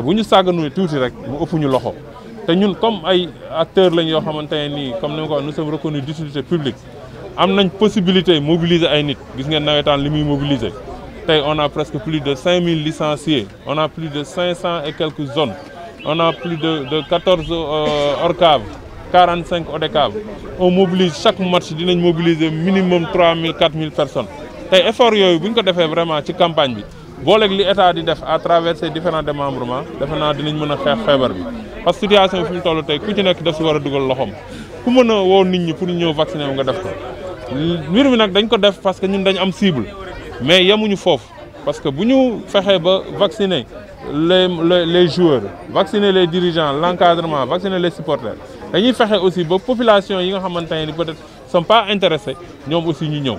nous sommes tous les rek comme ay acteurs lañ yoo reconnus comme nous sommes reconnus d'utilité publique am possibilité mobiliser les gens. mobiliser on a presque plus de 5000 licenciés on a plus de 500 et quelques zones on a plus de 14 hors-caves, 45 ODCAV on mobilise chaque match dinañ mobiliser minimum 3000 4000 personnes 000 effort yooyu bu ko defee vraiment campagne ak li état di def à travers ces différents démembrements defe naa dinañ mën a xeex feebar bi parce que situation bi tollu tay ku ci nek daf ci wara duggal loxom ku mëna wo nit ñi pour ñu ñëw vacciner wu nga def ko. mbir mi nag dañ ko def parce que ñun dañ am cible mais yamuñu foofu parce que buñu fexé ba vacciner les les joueurs vacciner les dirigeants l'encadrement vacciner les supporters dañuy fexé aussi ba population yi nga xamante peut-être sont pas intéressés ñom aussi ñu ñëw.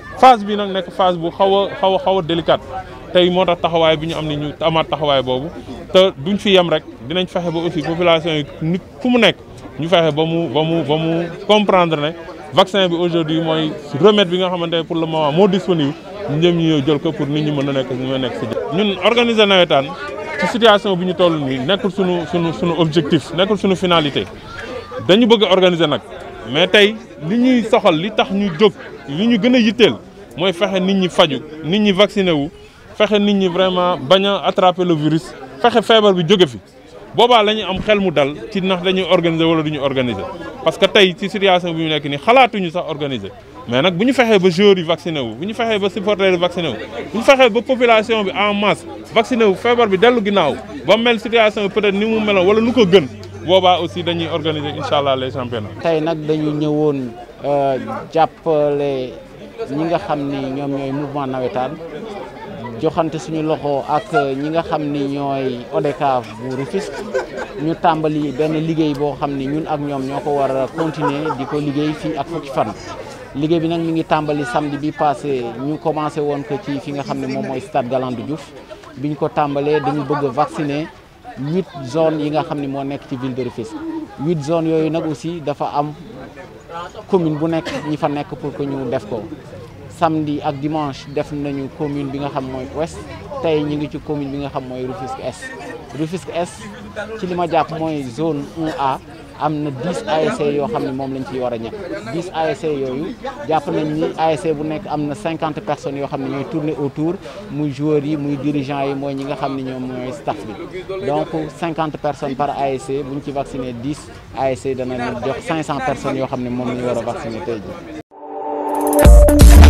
phase bi nag nekk phase bu xaw a xaw a xaw a délicate tey moo tax taxawaay bi ñu am ni ñu tamaat taxawaay boobu te duñ fi yem rek dinañ fexe ba aussi population yi nit fu mu nekk ñu fexe ba mu ba mu ba mu comprendre ne vaccin bi aujourd'hui mooy remède bi nga xamante ne pour le moment moo disponible ñu jëm ñu jël ko pour nit ñu mën a nekk ñu nekk si ñun organiser nawetaan situation bi ñu toll nii nekkul suñu suñu suñu objectif nekkul suñu finalité dañu bëgg organiser nag mais tey li ñuy soxal li tax ñu jóg li ñu gën a yitteel moy fexé nit ñi faju nit ñi vacciné wu fexé nit ñi vraiment baña attraper le virus fexé fièvre bi joggé fi boba la am xel mu dal ci nax dañuy organiser wala duñu organiser parce que tay ci situation bi ñu nekk ni xalaatuñu sax organiser mais nak buñu fexé ba joueurs yi vacciné wu buñu fexé ba supporters yi vacciné wu buñu fexé ba population bi en masse vacciné wu fièvre bi delu ginnaaw ba mel situation peut-être ni mu meloon wala lu ko gën boba aussi dañuy organiser inshallah les championnats. tay nak dañu ñëwoon euh jappalé ñu nga xam ni ñoom ñooy mouvement nawetaan joxante suñu loxo ak ñi nga xam ni ñooy ODCAV bu Rufisque ñu tàmbali benn liggéey boo xam ni ñun ak ñoom ñoo ko war a continuer di ko liggéey fii ak fukki fan. liggéey bi nag mi ngi tàmbali samedi bi passé ñu commencé woon ko ci fi nga xam ne moom mooy stade Galandou Diouf biñ ko tàmbalee dañu bëgg a vacciner huit zones yi nga xam ne moo nekk ci ville de Rufisque huit zones yooyu nag aussi dafa am commune bu nekk ñi fa nekk pour que ñu def ko samedi ak dimanche def nañu commune bi nga xam mooy ouest tey ñu ngi ci commune bi nga xam mooy Rufisque Est Rufisque Est ci li ma jàpp mooy zone 1A am na 10 ASC yoo xam ne moom lañ ci war a ñàkk 10 ASC yooyu jàpp nañ ni ASC bu nekk am na 50 personnes yoo xam ne ñooy tourner autour muy joueurs yi muy dirigeants yi mooy ñi nga xam ni ñoom mooy staff bi donc 50 personnes par ASC bu ñu ci vacciner 10 ASC dana jox 500 personnes yoo xam ne moom la ñu war a vacciner tey jii.